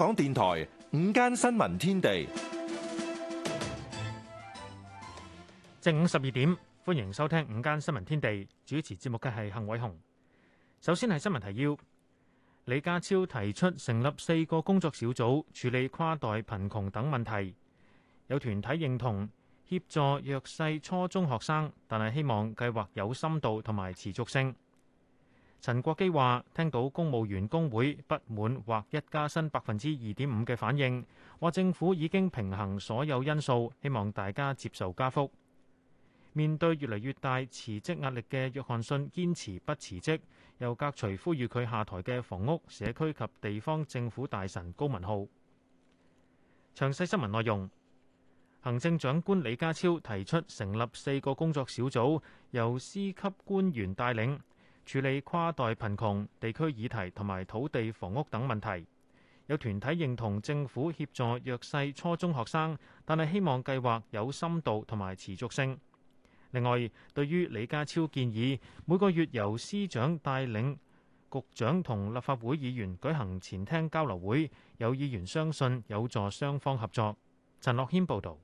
香港電台午間新聞天地，正午十二點，歡迎收聽午間新聞天地。主持節目嘅係幸偉雄。首先係新聞提要：李家超提出成立四個工作小組處理跨代貧窮等問題，有團體認同協助弱勢初中學生，但係希望計劃有深度同埋持續性。陳國基話：聽到公務員工會不滿或一加薪百分之二點五嘅反應，話政府已經平衡所有因素，希望大家接受加幅。面對越嚟越大辭職壓力嘅約翰遜堅持不辭職，又隔除呼籲佢下台嘅房屋、社區及地方政府大臣高文浩。詳細新聞內容，行政長官李家超提出成立四個工作小組，由司級官員帶領。處理跨代貧窮地區議題同埋土地房屋等問題，有團體認同政府協助弱勢初中學生，但係希望計劃有深度同埋持續性。另外，對於李家超建議每個月由司長帶領局長同立法會議員舉行前廳交流會，有議員相信有助雙方合作。陳樂軒報導。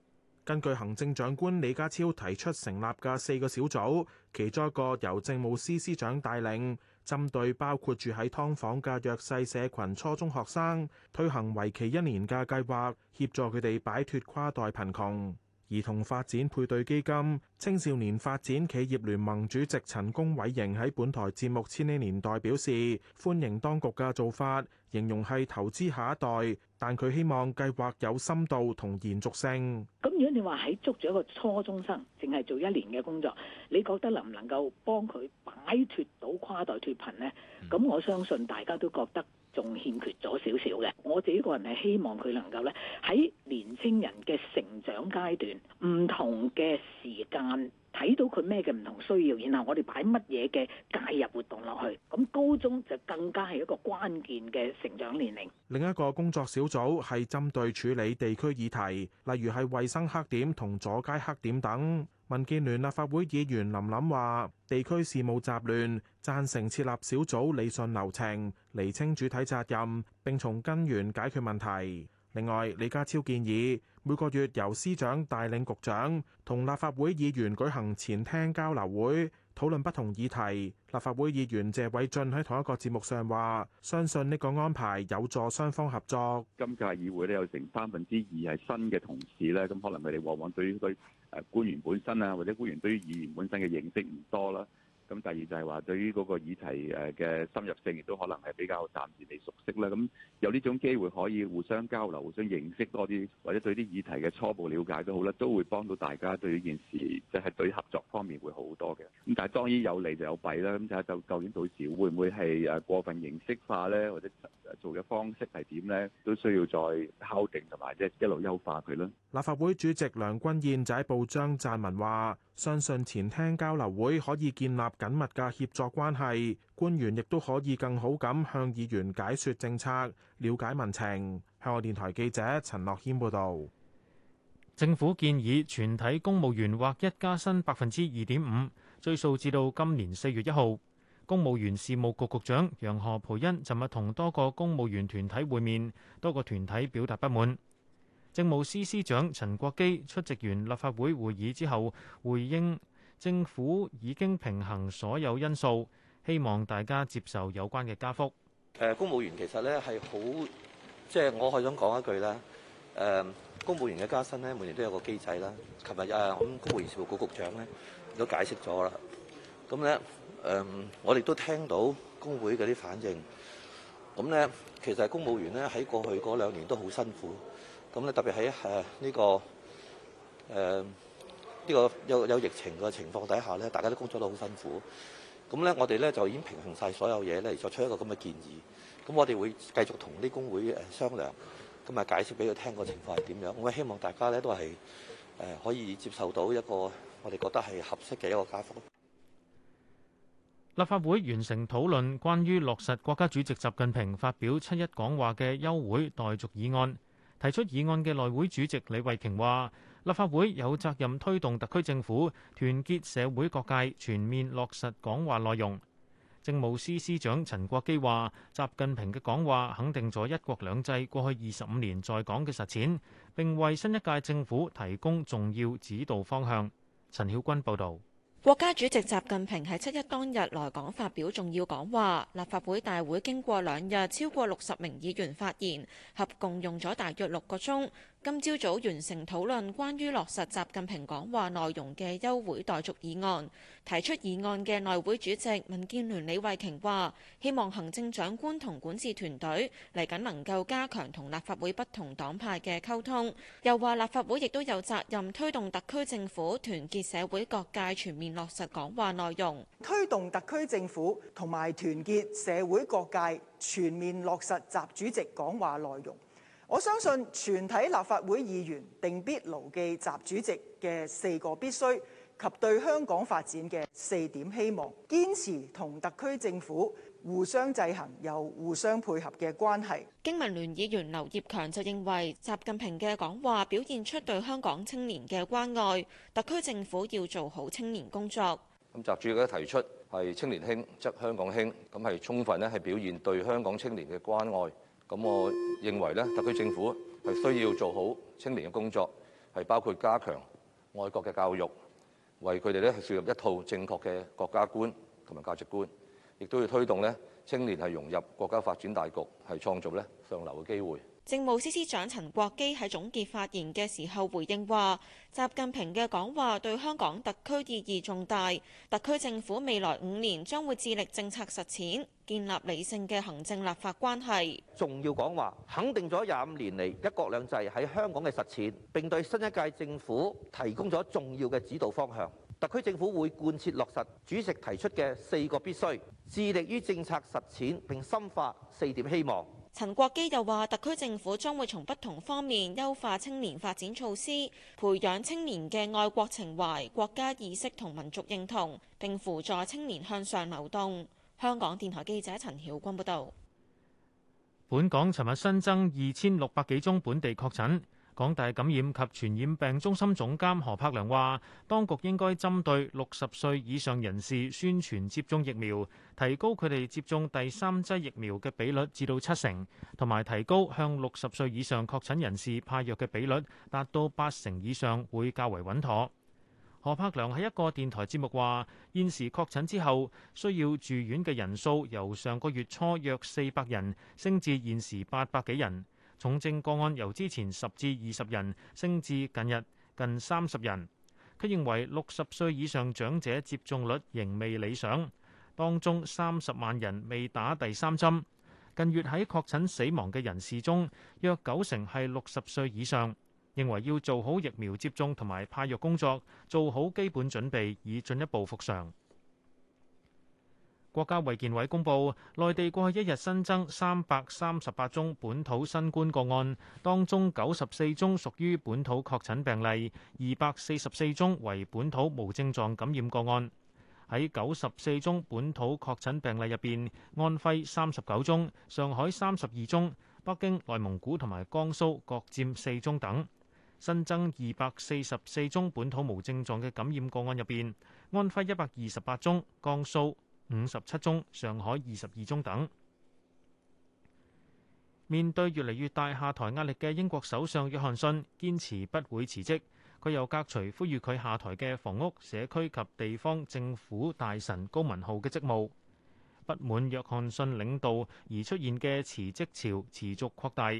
根據行政長官李家超提出成立嘅四個小組，其中一個由政務司司長帶領，針對包括住喺劏房嘅弱勢社群初中學生，推行為期一年嘅計劃，協助佢哋擺脫跨代貧窮。兒童發展配對基金、青少年發展企業聯盟主席陳公偉瑩喺本台節目《千禧年代》表示，歡迎當局嘅做法，形容係投資下一代。但佢希望計劃有深度同延續性。咁如果你話喺捉住一個初中生，淨係做一年嘅工作，你覺得能唔能夠幫佢擺脫到跨代脫貧呢？咁我相信大家都覺得仲欠缺咗少少嘅。我自己個人係希望佢能夠咧喺年青人嘅成長階段，唔同嘅時間。睇到佢咩嘅唔同需要，然後我哋擺乜嘢嘅介入活動落去。咁高中就更加係一個關鍵嘅成長年齡。另一個工作小組，係針對處理地區議題，例如係衛生黑點同阻街黑點等。民建聯立法會議員林琳話：地區事務雜亂，贊成設立小組理順流程，厘清主體責任，並從根源解決問題，另外，李家超建議。每個月由司長帶領局長同立法會議員舉行前廳交流會，討論不同議題。立法會議員謝偉俊喺同一個節目上話：相信呢個安排有助雙方合作。今屆議會呢有成三分之二係新嘅同事咧，咁可能佢哋往往對於對誒官員本身啊，或者官員對於議員本身嘅認識唔多啦。咁第二就係話對於嗰個議題，誒嘅深入性，亦都可能係比較暫時未熟悉啦。咁有呢種機會可以互相交流、互相認識多啲，或者對啲議題嘅初步了解都好啦，都會幫到大家對呢件事即係、就係、對合作方面會好多嘅。咁但係當然有利就有弊啦。咁就係究究竟到時會唔會係誒過分形式化咧，或者做嘅方式係點咧，都需要再敲定同埋即係一路優化佢啦。立法會主席梁君彥仔報章撰文話，相信前廳交流會可以建立。緊密嘅協作關係，官員亦都可以更好咁向議員解説政策、了解民情。香港電台記者陳樂軒報導。政府建議全體公務員獲一加薪百分之二點五，追溯至到今年四月一號。公務員事務局局，局長楊何培恩尋日同多個公務員團體會面，多個團體表達不滿。政務司司長陳國基出席完立法會會議之後，回應。政府已經平衡所有因素，希望大家接受有關嘅加幅。誒，公務員其實咧係好，即係我係想講一句啦。誒，公務員嘅加薪咧每年都有個機制啦。琴日誒，我公務員事務局局長咧都解釋咗啦。咁咧誒，我哋都聽到工會嗰啲反應。咁咧，其實公務員咧喺過去嗰兩年都好辛苦。咁咧特別喺誒呢個誒。呢個有有疫情嘅情況底下咧，大家都工作都好辛苦。咁咧，我哋咧就已經平衡晒所有嘢咧，嚟作出一個咁嘅建議。咁我哋會繼續同啲工會誒商量，咁啊解釋俾佢聽個情況係點樣。我希望大家咧都係誒可以接受到一個我哋覺得係合適嘅一個加幅。立法會完成討論關於落實國家主席習近平發表七一講話嘅休會待續議案。提出議案嘅內會主席李慧瓊話，立法會有責任推動特區政府團結社會各界，全面落實講話內容。政務司司長陳國基話，習近平嘅講話肯定咗一國兩制過去二十五年在港嘅實踐，並為新一屆政府提供重要指導方向。陳曉君報導。國家主席習近平喺七一當日來港發表重要講話。立法會大會經過兩日，超過六十名議員發言，合共用咗大約六個鐘。今朝早完成討論關於落實習近平講話內容嘅休會待續議案，提出議案嘅內會主席民建聯李慧瓊話：希望行政長官同管治團隊嚟緊能夠加強同立法會不同黨派嘅溝通，又話立法會亦都有責任推動特區政府團結社會各界，全面落實講話內容，推動特區政府同埋團結社會各界，全面落實習主席講話內容。我相信全體立法會議員定必牢記習主席嘅四個必須及對香港發展嘅四點希望，堅持同特區政府互相制衡又互相配合嘅關係。經民聯議員劉業強就認為，習近平嘅講話表現出對香港青年嘅關愛，特區政府要做好青年工作。咁習主席咧提出係青年興則香港興，咁係充分咧係表現對香港青年嘅關愛。咁我認為咧，特區政府係需要做好青年嘅工作，係包括加強愛國嘅教育，為佢哋咧係樹立一套正確嘅國家觀同埋價值觀，亦都要推動咧青年係融入國家發展大局，係創造咧上流嘅機會。政務司司長陳國基喺總結發言嘅時候回應話，習近平嘅講話對香港特區意義重大，特區政府未來五年將會致力政策實踐，建立理性嘅行政立法關係。重要講話肯定咗廿五年嚟一國兩制喺香港嘅實踐，並對新一屆政府提供咗重要嘅指導方向。特區政府會貫徹落實主席提出嘅四個必須，致力於政策實踐，並深化四點希望。陳國基又話，特區政府將會從不同方面優化青年發展措施，培養青年嘅愛國情懷、國家意識同民族認同，並輔助青年向上流動。香港電台記者陳曉君報導。本港尋日新增二千六百幾宗本地確診。港大感染及傳染病中心總監何柏良話，當局應該針對六十歲以上人士宣傳接種疫苗，提高佢哋接種第三劑疫苗嘅比率至到七成，同埋提高向六十歲以上確診人士派藥嘅比率達到八成以上，會較為穩妥。何柏良喺一個電台節目話，現時確診之後需要住院嘅人數由上個月初約四百人升至現時八百幾人。重症個案由之前十至二十人升至近日近三十人。佢認為六十歲以上長者接種率仍未理想，當中三十萬人未打第三針。近月喺確診死亡嘅人士中，約九成係六十歲以上，認為要做好疫苗接種同埋派藥工作，做好基本準備，以進一步復常。國家衛健委公佈，內地過去一日新增三百三十八宗本土新冠個案，當中九十四宗屬於本土確診病例，二百四十四宗為本土無症狀感染個案。喺九十四宗本土確診病例入邊，安徽三十九宗，上海三十二宗，北京、內蒙古同埋江蘇各佔四宗等。新增二百四十四宗本土無症狀嘅感染個案入邊，安徽一百二十八宗，江蘇，五十七宗，上海二十二宗等。面對越嚟越大下台壓力嘅英國首相約翰遜堅持不會辭職，佢又革除呼籲佢下台嘅房屋、社區及地方政府大臣高文浩嘅職務。不滿約翰遜領導而出現嘅辭職潮持續擴大，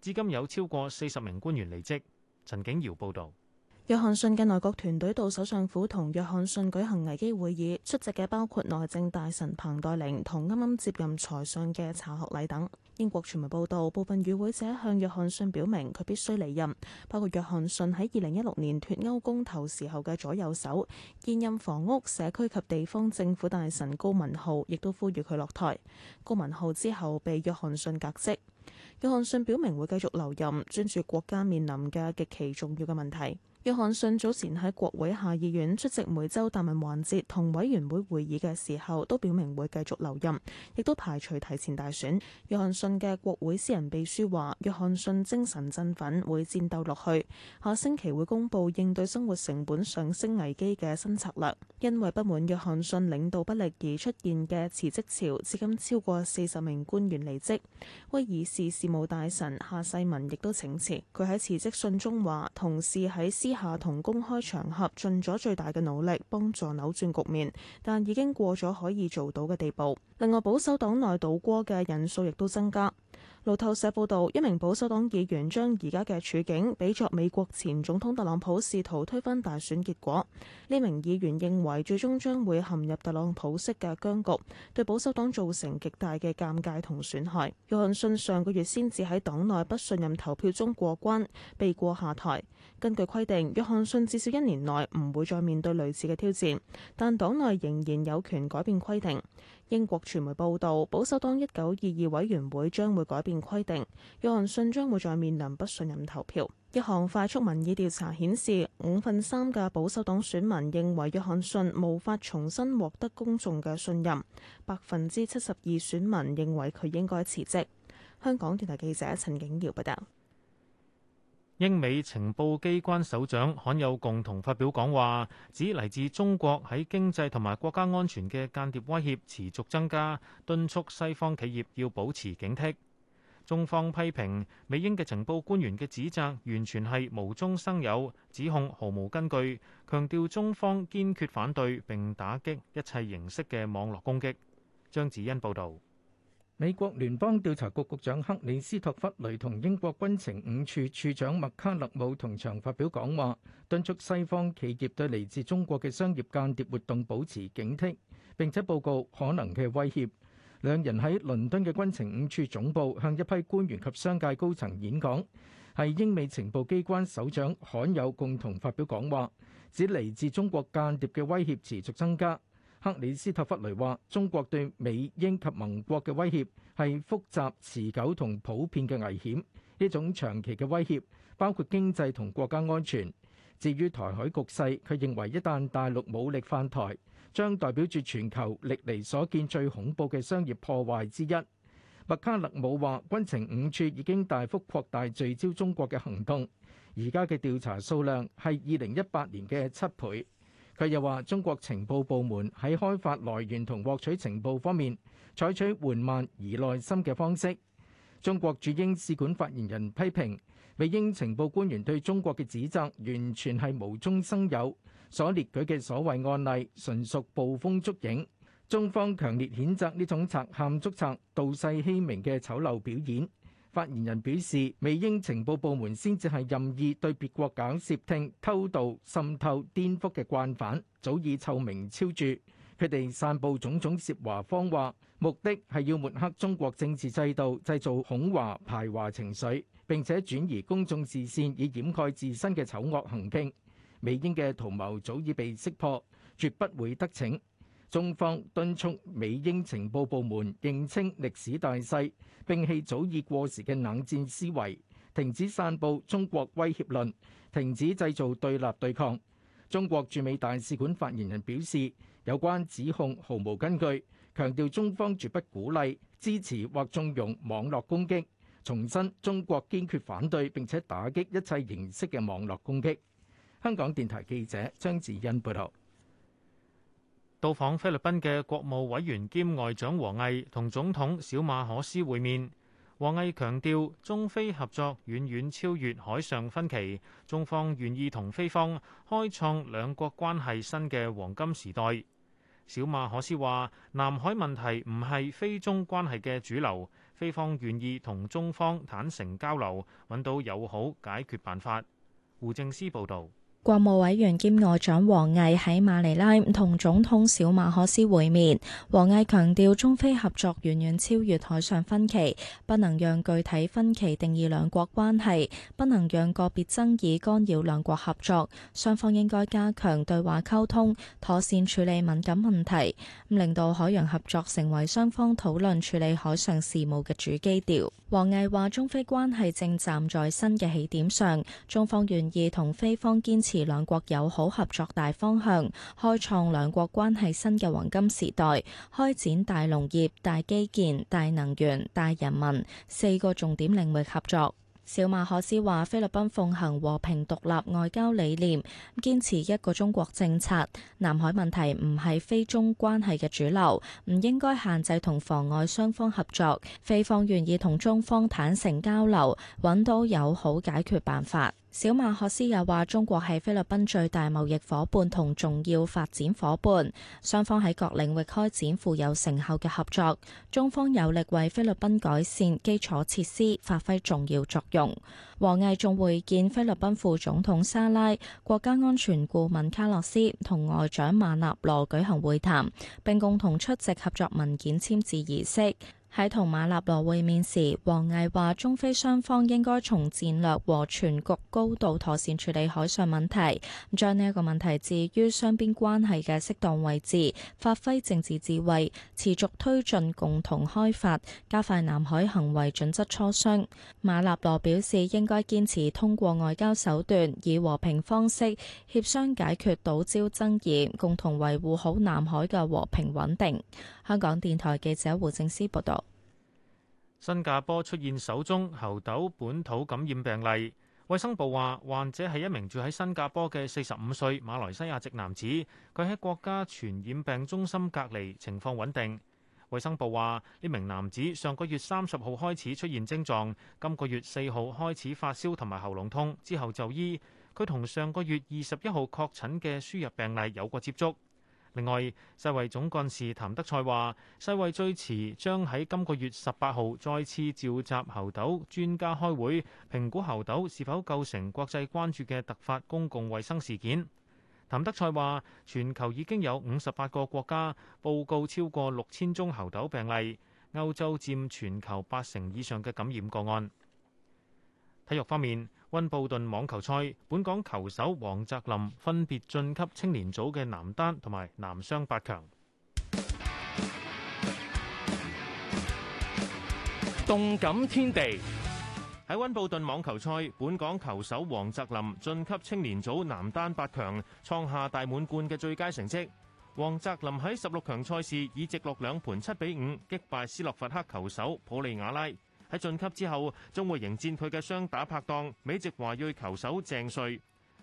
至今有超過四十名官員離職，陳景堯報道。約翰遜嘅內閣團隊到首相府同約翰遜舉行危機會議，出席嘅包括內政大臣彭黛玲同啱啱接任財相嘅查學禮等。英國傳媒報道，部分與會者向約翰遜表明佢必須離任，包括約翰遜喺二零一六年脱歐公投時候嘅左右手、現任房屋、社區及地方政府大臣高文浩，亦都呼籲佢落台。高文浩之後被約翰遜革職。約翰遜表明會繼續留任，專注國家面臨嘅極其重要嘅問題。約翰遜早前喺國會下議院出席每周答問環節同委員會會議嘅時候，都表明會繼續留任，亦都排除提前大選。約翰遜嘅國會私人秘書話，約翰遜精神振奮，會戰鬥落去。下星期會公布應對生活成本上升危機嘅新策略。因為不滿約翰遜領,領導不力而出現嘅辭職潮，至今超過四十名官員離職，威爾士事務大臣夏世民亦都請辭，佢喺辭職信中話同事喺私下同公開場合盡咗最大嘅努力，幫助扭轉局面，但已經過咗可以做到嘅地步。另外，保守黨內倒戈嘅人數亦都增加。路透社報道，一名保守黨議員將而家嘅處境比作美國前總統特朗普試圖推翻大選結果。呢名議員認為，最終將會陷入特朗普式嘅僵局，對保守黨造成極大嘅尷尬同損害。約翰遜上個月先至喺黨內不信任投票中過關，避過下台。根據規定，約翰遜至少一年內唔會再面對類似嘅挑戰，但黨內仍然有權改變規定。英國傳媒報導，保守黨一九二二委員會將會改變規定，約翰遜將會再面臨不信任投票。一項快速民意調查顯示，五分三嘅保守黨選民認為約翰遜無法重新獲得公眾嘅信任，百分之七十二選民認為佢應該辭職。香港電台記者陳景堯報道。英美情報機關首長罕有共同發表講話，指嚟自中國喺經濟同埋國家安全嘅間諜威脅持續增加，敦促西方企業要保持警惕。中方批評美英嘅情報官員嘅指責完全係無中生有，指控毫無根據，強調中方堅決反對並打擊一切形式嘅網絡攻擊，張子欣報道。美國聯邦調查局局長克里斯托弗雷同英國軍情五處處長麥卡勒姆同場發表講話，敦促西方企業對嚟自中國嘅商業間諜活動保持警惕，並且報告可能嘅威脅。兩人喺倫敦嘅軍情五處總部向一批官員及商界高層演講，係英美情報機關首長罕有共同發表講話，指嚟自中國間諜嘅威脅持續增加。克里斯特弗雷話中國對美英及盟國嘅威脅，係複雜持久同普遍嘅危險，呢種長期嘅威脅，包括經濟同國家安全。至於台海局勢，佢認為一旦大陸武力犯台，將代表住全球歷嚟所見最恐怖嘅商業破壞之一。麥卡勒姆話軍情五處已經大幅擴大聚焦中國嘅行動，而家嘅調查數量係二零一八年嘅七倍。佢又話：中國情報部門喺開發來源同獲取情報方面，採取緩慢而耐心嘅方式。中國駐英使館發言人批評美英情報官員對中國嘅指責完全係無中生有，所列舉嘅所謂案例純屬捕風捉影。中方強烈譴責呢種賊喊捉賊、盜世欺名嘅醜陋表演。發言人表示，美英情報部門先至係任意對別國搞竊聽、偷渡、滲透、顛覆嘅慣犯，早已臭名昭著。佢哋散佈種種涉華謊話，目的係要抹黑中國政治制度，製造恐華排華情緒，並且轉移公眾視線，以掩蓋自身嘅醜惡行徑。美英嘅圖謀早已被識破，絕不會得逞。中方敦促美英情報部門認清歷史大勢，摒棄早已過時嘅冷戰思維，停止散佈中國威脅論，停止製造對立對抗。中國駐美大使館發言人表示，有關指控毫無根據，強調中方絕不鼓勵、支持或縱容網絡攻擊，重申中國堅決反對並且打擊一切形式嘅網絡攻擊。香港電台記者張智欣報道。到訪菲律賓嘅國務委員兼外長王毅同總統小馬可斯會面，王毅強調中菲合作遠遠超越海上分歧，中方願意同菲方開創兩國關係新嘅黃金時代。小馬可斯話：南海問題唔係菲中關係嘅主流，菲方願意同中方坦誠交流，揾到友好解決辦法。胡正思報導。國務委員兼外長王毅喺馬尼拉同總統小馬可斯會面。王毅強調，中菲合作遠遠超越海上分歧，不能讓具體分歧定義兩國關係，不能讓個別爭議干擾兩國合作。雙方應該加強對話溝通，妥善處理敏感問題，令到海洋合作成爲雙方討論處理海上事務嘅主基調。王毅話，中菲關係正站在新嘅起點上，中方願意同菲方堅持。兩國友好合作大方向，開創兩國關係新嘅黃金時代，開展大農業、大基建、大能源、大人民四個重點領域合作。小馬可斯話：菲律賓奉行和平獨立外交理念，堅持一個中國政策。南海問題唔係非中關係嘅主流，唔應該限制同妨礙雙方合作。菲方願意同中方坦誠交流，搵到友好解決辦法。小馬克斯又話：中國係菲律賓最大貿易夥伴同重要發展夥伴，雙方喺各領域開展富有成效嘅合作。中方有力為菲律賓改善基礎設施發揮重要作用。王毅仲會見菲律賓副總統沙拉、國家安全顧問卡洛斯同外長馬納羅舉，舉行會談，並共同出席合作文件簽字儀式。喺同馬納羅會面時，王毅話：中菲雙方應該從戰略和全局高度妥善處理海上問題，將呢一個問題置於雙邊關係嘅適當位置，發揮政治智慧，持續推進共同開發，加快南海行為準則磋商。馬納羅表示，應該堅持通過外交手段，以和平方式協商解決島礁爭議，共同維護好南海嘅和平穩定。香港電台記者胡正思報道：新加坡出現首宗猴痘本土感染病例，衛生部話患者係一名住喺新加坡嘅四十五歲馬來西亞籍男子，佢喺國家傳染病中心隔離，情況穩定。衛生部話呢名男子上個月三十號開始出現症狀，今個月四號開始發燒同埋喉嚨痛，之後就醫。佢同上個月二十一號確診嘅輸入病例有過接觸。另外，世衛總幹事譚德塞話，世衛最遲將喺今個月十八號再次召集猴痘專家開會，評估猴痘是否構成國際關注嘅突發公共衛生事件。譚德塞話，全球已經有五十八個國家報告超過六千宗猴痘病例，歐洲佔全球八成以上嘅感染個案。體育方面。溫布頓網球賽，本港球手王澤林分別晉級青年組嘅男單同埋男雙八強。動感天地。喺溫布頓網球賽，本港球手王澤林晉級青年組男單八強，創下大滿貫嘅最佳成績。王澤林喺十六強賽事以直落兩盤七比五擊敗斯洛伐克球手普利瓦拉。喺晉級之後，將會迎戰佢嘅雙打拍檔美籍華裔球手鄭瑞。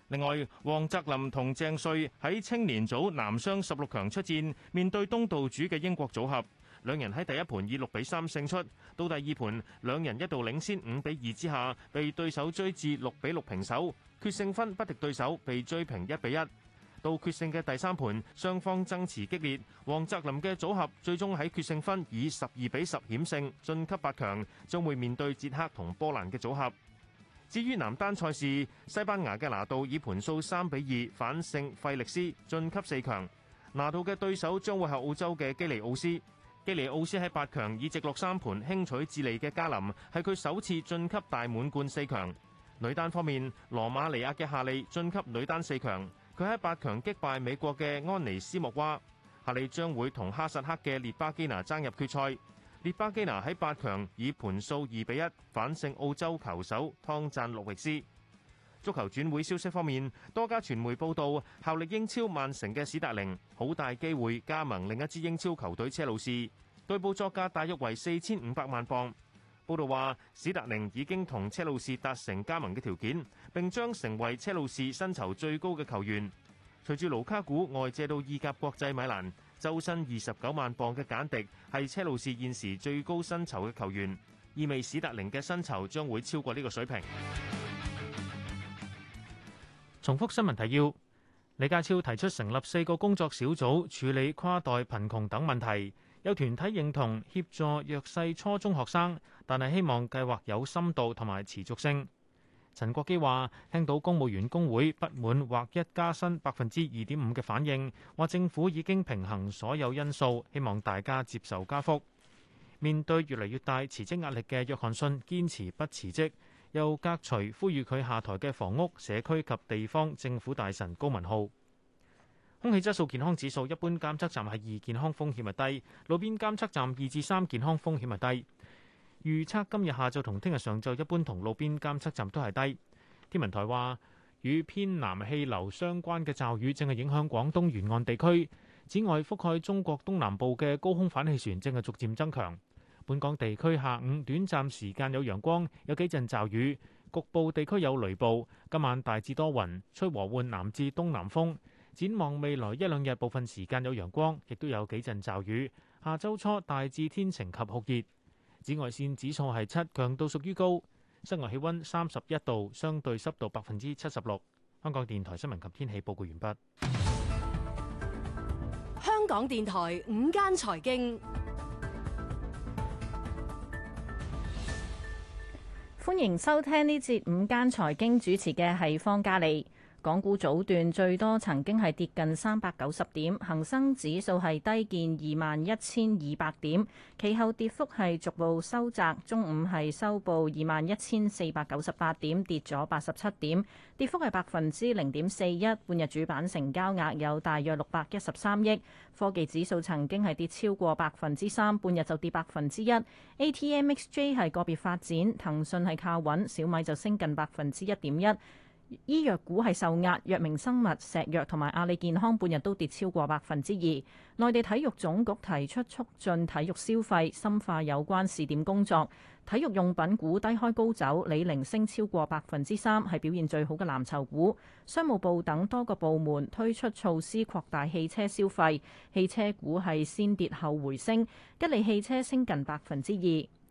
另外，王澤林同鄭瑞喺青年組男雙十六強出戰，面對東道主嘅英國組合。兩人喺第一盤以六比三勝出，到第二盤兩人一度領先五比二之下，被對手追至六比六平手，決勝分不敵對手，被追平一比一。到決勝嘅第三盤，雙方爭持激烈。王澤林嘅組合最終喺決勝分以十二比十險勝，晉級八強，將會面對捷克同波蘭嘅組合。至於男單賽事，西班牙嘅拿度以盤數三比二反勝費力斯，晉級四強。拿度嘅對手將會係澳洲嘅基尼奧斯。基尼奧斯喺八強以直落三盤輕取智利嘅加林，係佢首次晉級大滿貫四強。女單方面，羅馬尼亞嘅夏利晉級女單四強。佢喺八強擊敗美國嘅安妮斯莫娃，下輪將會同哈薩克嘅列巴基娜爭入決賽。列巴基娜喺八強以盤數二比一反勝澳洲球手湯讚洛域斯。足球轉會消息方面，多家傳媒報道，效力英超曼城嘅史達寧好大機會加盟另一支英超球隊車路士，對報作價大約為四千五百萬鎊。報道話，史達寧已經同車路士達成加盟嘅條件，並將成為車路士薪酬最高嘅球員。隨住盧卡古外借到意甲國際米蘭，週薪二十九萬磅嘅簡迪係車路士現時最高薪酬嘅球員，意味史達寧嘅薪酬將會超過呢個水平。重複新聞提要：李家超提出成立四個工作小組處理跨代貧窮等問題。有團體認同協助弱勢初中學生，但係希望計劃有深度同埋持續性。陳國基話：聽到公務員工會不滿劃一加薪百分之二點五嘅反應，話政府已經平衡所有因素，希望大家接受加幅。面對越嚟越大辭職壓力嘅約翰遜，堅持不辭職，又革除呼籲佢下台嘅房屋、社區及地方政府大臣高文浩。空氣質素健康指數一般，監測站係二健康風險係低；路邊監測站二至三健康風險係低。預測今日下晝同聽日上晝一般，同路邊監測站都係低。天文台話，與偏南氣流相關嘅驟雨正係影響廣東沿岸地區。此外，覆蓋中國東南部嘅高空反氣旋正係逐漸增強。本港地區下午短暫時間有陽光，有幾陣驟雨，局部地區有雷暴。今晚大致多雲，吹和緩南至東南風。展望未來一兩日，部分時間有陽光，亦都有幾陣驟雨。下周初大致天晴及酷熱，紫外線指數係七，強度屬於高。室外氣温三十一度，相對濕度百分之七十六。香港電台新聞及天氣報告完畢。香港電台午間財經，歡迎收聽呢節午間財經，主持嘅係方嘉利。港股早段最多曾經係跌近三百九十點，恒生指數係低見二萬一千二百點，其後跌幅係逐步收窄，中午係收報二萬一千四百九十八點，跌咗八十七點，跌幅係百分之零點四一。半日主板成交額有大約六百一十三億。科技指數曾經係跌超過百分之三，半日就跌百分之一。ATM XJ 係個別發展，騰訊係靠穩，小米就升近百分之一點一。醫藥股係受壓，藥明生物、石藥同埋阿里健康半日都跌超過百分之二。內地體育總局提出促進體育消費、深化有關試點工作，體育用品股低開高走，李寧升超過百分之三，係表現最好嘅藍籌股。商務部等多個部門推出措施擴大汽車消費，汽車股係先跌後回升，吉利汽車升近百分之二。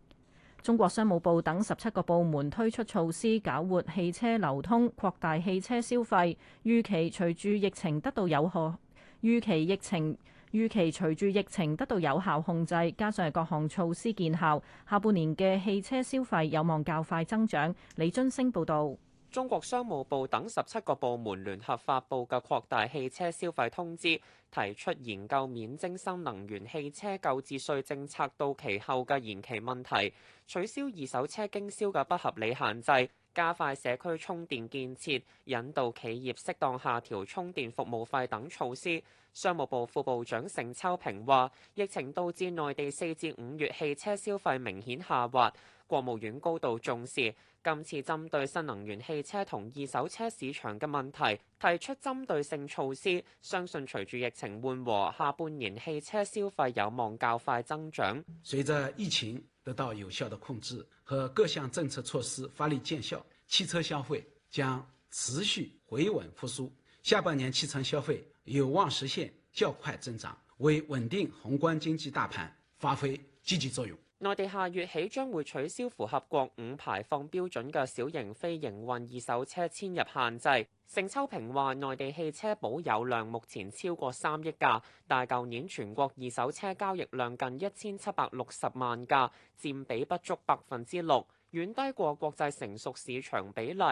中國商務部等十七個部門推出措施，搞活汽車流通，擴大汽車消費。預期隨住疫情得到有效，預期疫情預期隨住疫情得到有效控制，加上各項措施見效，下半年嘅汽車消費有望較快增長。李津升報導。中國商務部等十七個部門聯合發布嘅擴大汽車消費通知，提出研究免徵新能源汽車購置稅政策到期後嘅延期問題，取消二手車經銷嘅不合理限制，加快社區充電建設，引導企業適當下調充電服務費等措施。商務部副部長盛秋平話：疫情導致內地四至五月汽車消費明顯下滑，國務院高度重視。今次針對新能源汽車同二手車市場嘅問題，提出針對性措施，相信隨住疫情緩和，下半年汽車消費有望較快增長。隨着疫情得到有效的控制和各項政策措施發力見效，汽車消費將持續回穩復蘇，下半年汽車消費有望實現較快增長，為穩定宏觀經濟大盤發揮積極作用。內地下月起將會取消符合國五排放標準嘅小型非營運二手車遷入限制。盛秋平話：內地汽車保有量目前超過三億架，但舊年全國二手車交易量近一千七百六十萬架，佔比不足百分之六，遠低過國際成熟市場比例。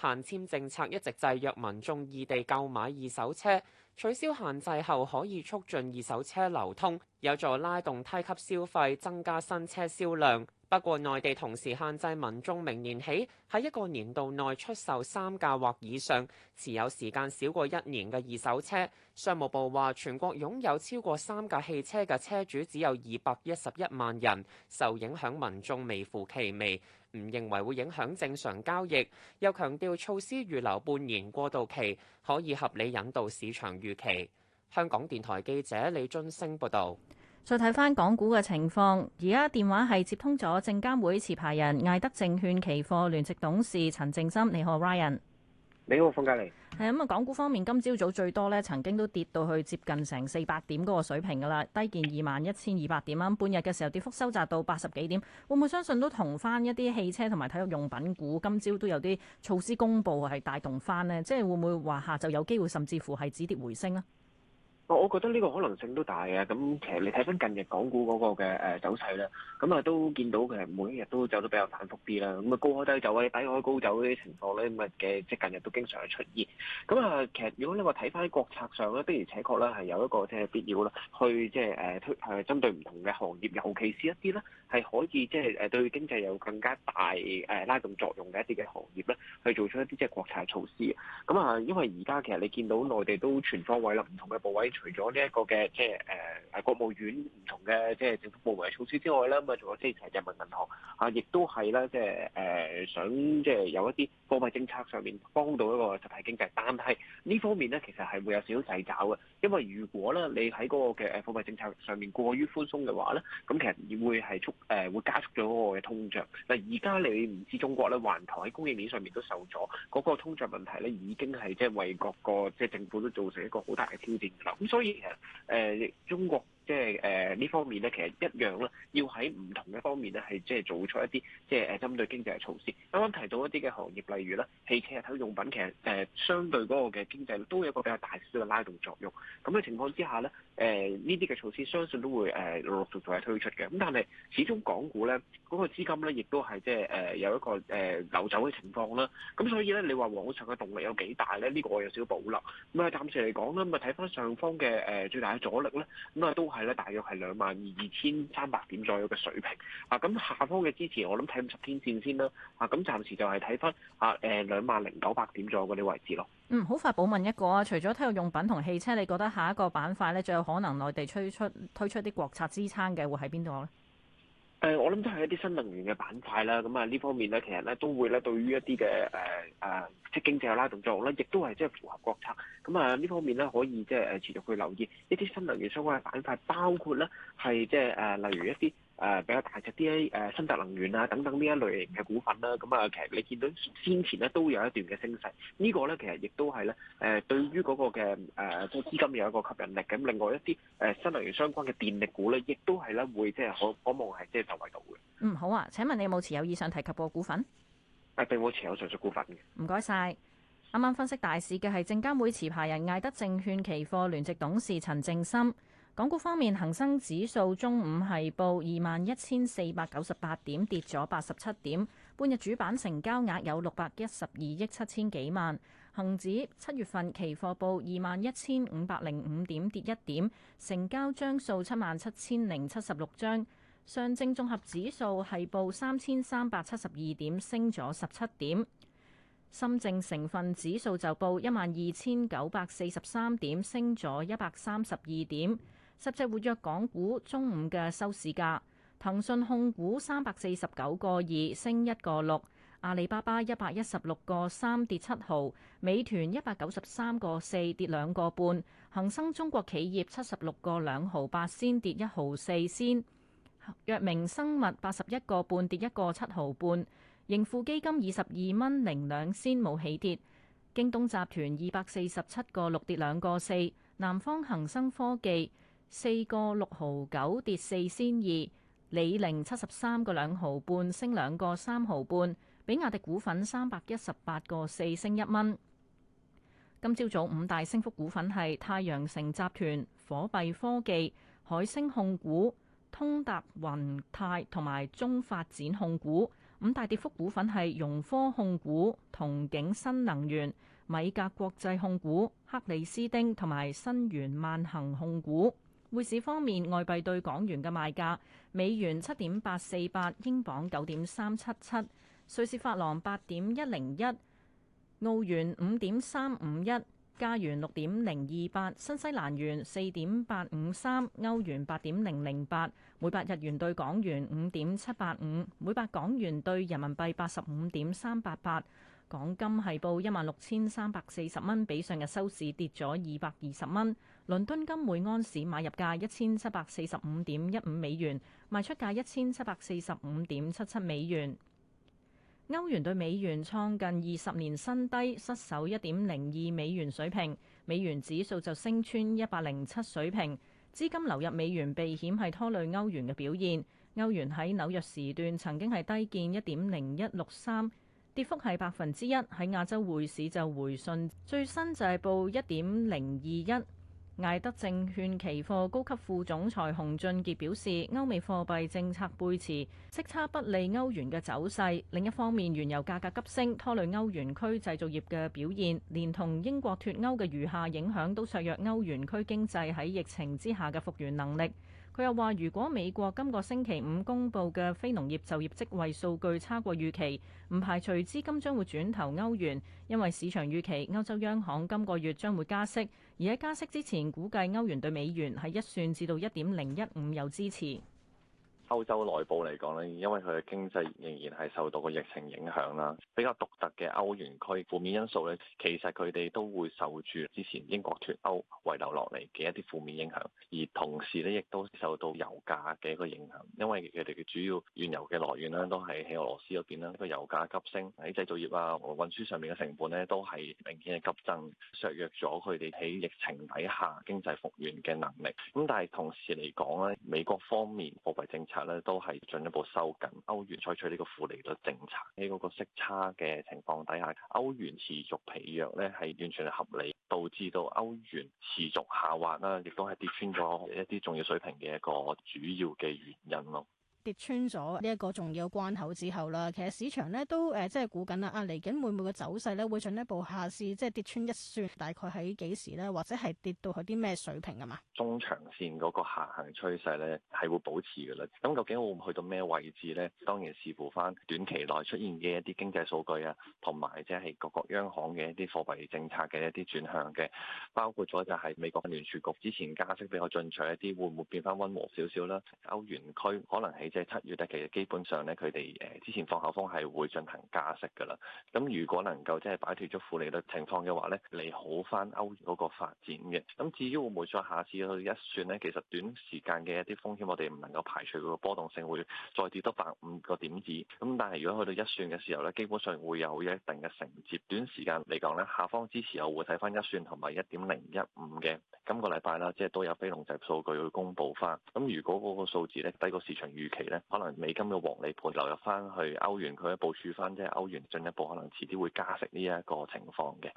限遷政策一直制約民眾異地購買二手車。取消限制後，可以促進二手車流通，有助拉動梯級消費，增加新車銷量。不過，內地同時限制民眾明年起喺一個年度內出售三架或以上持有時間少過一年嘅二手車。商務部話，全國擁有超過三架汽車嘅車主只有二百一十一萬人，受影響民眾微乎其微。唔認為會影響正常交易，又強調措施預留半年過渡期，可以合理引導市場預期。香港電台記者李津升報導。再睇返港股嘅情況，而家電話係接通咗證監會持牌人艾德證券期貨聯席董事陳正心。你好，Ryan。你好，馮家利。係咁啊，港股方面今朝早最多咧，曾經都跌到去接近成四百點嗰個水平噶啦，低見二萬一千二百點啊。半日嘅時候，跌幅收窄到八十幾點。會唔會相信都同翻一啲汽車同埋體育用品股今朝都有啲措施公布，係帶動翻呢？即係會唔會話下晝有機會，甚至乎係止跌回升呢？我我覺得呢個可能性都大嘅，咁其實你睇翻近日港股嗰個嘅誒走勢咧，咁啊都見到佢每一日都走得比較反覆啲啦，咁啊高開低走或低開高走嗰啲情況咧，咁嘅即係近日都經常嘅出現。咁啊，其實如果你話睇翻國策上咧，的而且確咧係有一個即係必要啦，就是呃，去即係誒推係針對唔同嘅行業，尤其是一啲咧。係可以即係誒對經濟有更加大誒拉動作用嘅一啲嘅行業咧，去做出一啲即係國策措施咁啊、嗯，因為而家其實你見到內地都全方位啦，唔同嘅部委除咗呢一個嘅即係誒誒國務院唔同嘅即係政府部門嘅措施之外啦，咁啊仲有即係人民銀行啊，亦都係啦、即係，即係誒想即係有一啲貨幣政策上面幫到一個實體經濟。但係呢方面咧，其實係會有少少掣肘嘅，因為如果咧你喺嗰個嘅誒貨幣政策上面過於寬鬆嘅話咧，咁其實會係促誒會加速咗個嘅通脹，嗱，而家你唔知中國咧，還台喺供應鏈上面都受阻，嗰、嗰個通脹問題咧已經係即係為各個即係、即係、政府都造成一個好大嘅挑戰啦。咁所以其實誒中國。即係誒呢方面咧，其實一樣啦，要喺唔同嘅方面咧，係即係做出一啲即係誒針對經濟嘅措施。啱啱提到一啲嘅行業，例如啦，汽車啊、體育用品，其實誒相對嗰個嘅經濟都有個比較大少少嘅拉動作用。咁嘅情況之下咧，誒呢啲嘅措施相信都會誒陸陸續續係推出嘅。咁但係始終港股咧嗰個資金咧，亦都係即係誒有一個誒流走嘅情況啦。咁所以咧，你話往上嘅動力有幾大咧？呢個我有少少保留。咁啊，暫時嚟講啦，咁啊睇翻上方嘅誒最大嘅阻力咧，咁啊都係。大約係兩萬二千三百點左右嘅水平。啊，咁下方嘅支持，我諗睇五十天線先啦。啊，咁暫時就係睇返啊，誒兩萬零九百點左右嗰啲位置咯。嗯，好快補問一個啊，除咗體育用品同汽車，你覺得下一個板塊咧，最有可能內地推出推出啲國策支撐嘅，會喺邊度咧？誒，我諗都係一啲新能源嘅板塊啦，咁啊呢方面咧，其實咧都會咧對於一啲嘅誒誒，即、呃、經濟有拉動作用咧，亦都係即係符合國策，咁啊呢方面咧可以即係誒持續去留意一啲新能源相關嘅板塊，包括咧係即係誒例如一啲。誒比較大隻啲誒新特能源啊等等呢一類型嘅股份啦，咁啊其實你見到先前咧都有一段嘅升勢，呢、呢個咧其實亦都係咧誒對於嗰個嘅誒個資金有一個吸引力。咁另外一啲誒新能源相關嘅電力股咧，亦都係咧會即係可可望係即係受惠到嘅。嗯，好啊。請問你有冇持有以上提及過股份？誒、啊、並冇持有上述股份嘅。唔該晒。啱啱分析大市嘅係證監會持牌人艾德證券期貨聯席董事陳正森。港股方面，恒生指數中午係報二萬一千四百九十八點跌咗八十七點，半日主板成交額有六百一十二億七千幾萬。恒指七月份期貨報二萬一千五百零五點跌一點，成交張數七萬七千零七十六張。上證綜合指數係報三千三百七十二點升咗十七點，深證成分指數就報一萬二千九百四十三點升咗一百三十二點。十隻活躍港股中午嘅收市價，騰訊控股三百四十九個二升一個六，阿里巴巴一百一十六個三跌七毫，美團一百九十三個四跌兩個半，恒生中國企業七十六個兩毫八先跌一毫四先，藥明生物八十一個半跌一個七毫半，盈富基金二十二蚊零兩先冇起跌，京東集團二百四十七個六跌兩個四，南方恒生科技四個六毫九跌四仙二，李寧七十三個兩毫半升兩個三毫半，比亞迪股份三百一十八個四升一蚊。今朝早五大升幅股份係太陽城集團、火幣科技、海星控股、通達雲泰同埋中發展控股。五大跌幅股份係融科控股、同景新能源、米格國際控股、克里斯汀同埋新源萬恒控股。匯市方面，外幣對港元嘅賣價：美元七點八四八，英鎊九點三七七，瑞士法郎八點一零一，澳元五點三五一，加元六點零二八，新西蘭元四點八五三，歐元八點零零八，每百日元對港元五點七八五，每百港元對人民幣八十五點三八八。港金係報一萬六千三百四十蚊，比上日收市跌咗二百二十蚊。倫敦金每安士買入價一千七百四十五點一五美元，賣出價一千七百四十五點七七美元。歐元對美元創近二十年新低，失守一點零二美元水平。美元指數就升穿一百零七水平，資金流入美元避險係拖累歐元嘅表現。歐元喺紐約時段曾經係低見一點零一六三，跌幅係百分之一。喺亞洲匯市就回順，最新就係報一點零二一。艾德證券期貨高級副總裁洪俊杰表示，歐美貨幣政策背馳，息差不利歐元嘅走勢，另一方面，原油價格急升，拖累歐元區製造業嘅表現，連同英國脱歐嘅餘下影響都削弱歐元區經濟喺疫情之下嘅復原能力。佢又話，如果美國今個星期五公布嘅非農業就業職位數據差過預期，唔排除資金將會轉投歐元，因為市場預期歐洲央行今個月將會加息。而喺加息之前，估計歐元兌美元係一算至到一點零一五有支持。歐洲內部嚟講咧，因為佢嘅經濟仍然係受到個疫情影響啦。比較獨特嘅歐元區負面因素咧，其實佢哋都會受住之前英國脫歐遺留落嚟嘅一啲負面影響，而同時咧亦都受到油價嘅一個影響，因為佢哋嘅主要原油嘅來源咧都係喺俄羅斯嗰邊啦。個油價急升喺製造業啊和運輸上面嘅成本咧都係明顯嘅急增，削弱咗佢哋喺疫情底下經濟復原嘅能力。咁但係同時嚟講咧，美國方面貨幣政策都係進一步收緊歐元，採取呢個負利率政策喺嗰個息差嘅情況底下，歐元持續疲弱咧，係完全係合理，導致到歐元持續下滑啦，亦都係跌穿咗一啲重要水平嘅一個主要嘅原因咯。跌穿咗呢一個重要關口之後啦，其實市場咧都誒、呃、即係估緊啦，啊嚟緊會唔會個走勢咧會進一步下試，即係跌穿一算，大概喺幾時咧，或者係跌到去啲咩水平啊嘛？中長線嗰個下行趨勢咧係會保持嘅啦。咁究竟會唔會去到咩位置咧？當然視乎翻短期內出現嘅一啲經濟數據啊，同埋即係各個央行嘅一啲貨幣政策嘅一啲轉向嘅，包括咗就係美國聯儲局之前加息比較進取一啲，會唔會變翻溫和少少啦？歐元區可能係。即係七月底其實基本上咧，佢哋誒之前放口風係會進行加息㗎啦。咁如果能夠即係擺脫咗負利率情況嘅話咧，利好翻歐元嗰個發展嘅。咁至於會唔會再下次去一算咧？其實短時間嘅一啲風險，我哋唔能夠排除個波動性會再跌多百五個點子。咁但係如果去到一算嘅時候咧，基本上會有一定嘅承接。短時間嚟講咧，下方支持我會睇翻一算同埋一點零一五嘅。今個禮拜啦，即係都有非農就業數據去公布翻。咁如果嗰個數字咧低過市場預期，可能美金嘅黃利盤流入翻去歐元區一部署翻，即係歐元進一步可能遲啲會加息呢一個情況嘅。